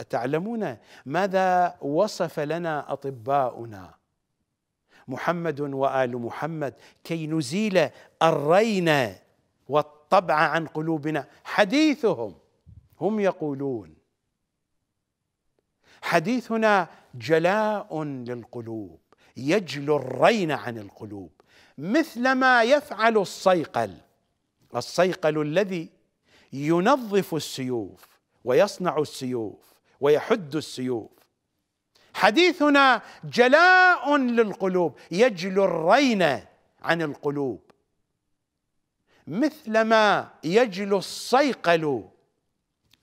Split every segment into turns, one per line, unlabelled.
أتعلمون ماذا وصف لنا أطباؤنا محمد وآل محمد كي نزيل الرين والطبع عن قلوبنا حديثهم هم يقولون حديثنا جلاء للقلوب يجلو الرين عن القلوب مثلما يفعل الصيقل الصيقل الذي ينظف السيوف ويصنع السيوف ويحد السيوف حديثنا جلاء للقلوب يجلو الرين عن القلوب مثلما يجلو الصيقل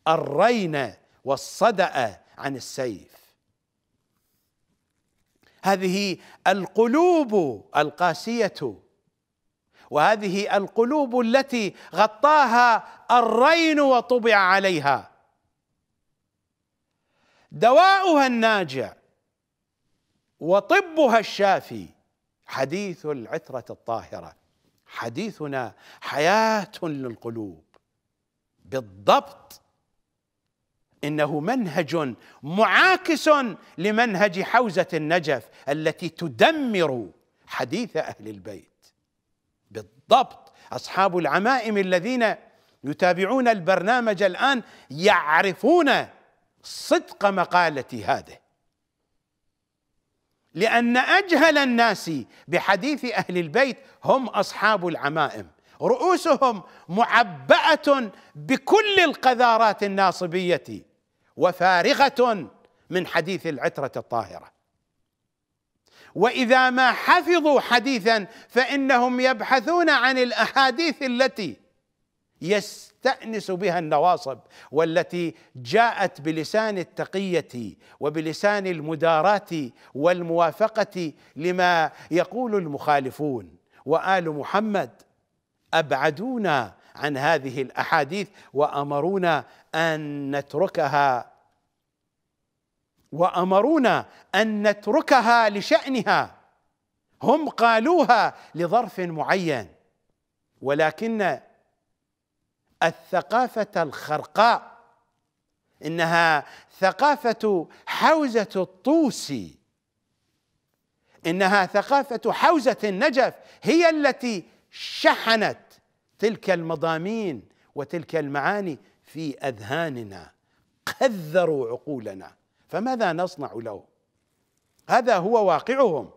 الرين والصدأ عن السيف هذه القلوب القاسيه وهذه القلوب التي غطاها الرين وطبع عليها دواؤها الناجع وطبها الشافي حديث العترة الطاهرة حديثنا حياة للقلوب بالضبط انه منهج معاكس لمنهج حوزة النجف التي تدمر حديث اهل البيت بالضبط اصحاب العمائم الذين يتابعون البرنامج الان يعرفون صدق مقالتي هذه لأن أجهل الناس بحديث أهل البيت هم أصحاب العمائم رؤوسهم معبأة بكل القذارات الناصبية وفارغة من حديث العترة الطاهرة وإذا ما حفظوا حديثا فإنهم يبحثون عن الأحاديث التي يستأنس بها النواصب والتي جاءت بلسان التقية وبلسان المداراة والموافقة لما يقول المخالفون وآل محمد أبعدونا عن هذه الأحاديث وأمرونا أن نتركها وأمرونا أن نتركها لشأنها هم قالوها لظرف معين ولكن الثقافة الخرقاء إنها ثقافة حوزة الطوسي إنها ثقافة حوزة النجف هي التي شحنت تلك المضامين وتلك المعاني في أذهاننا قذروا عقولنا فماذا نصنع له هذا هو واقعهم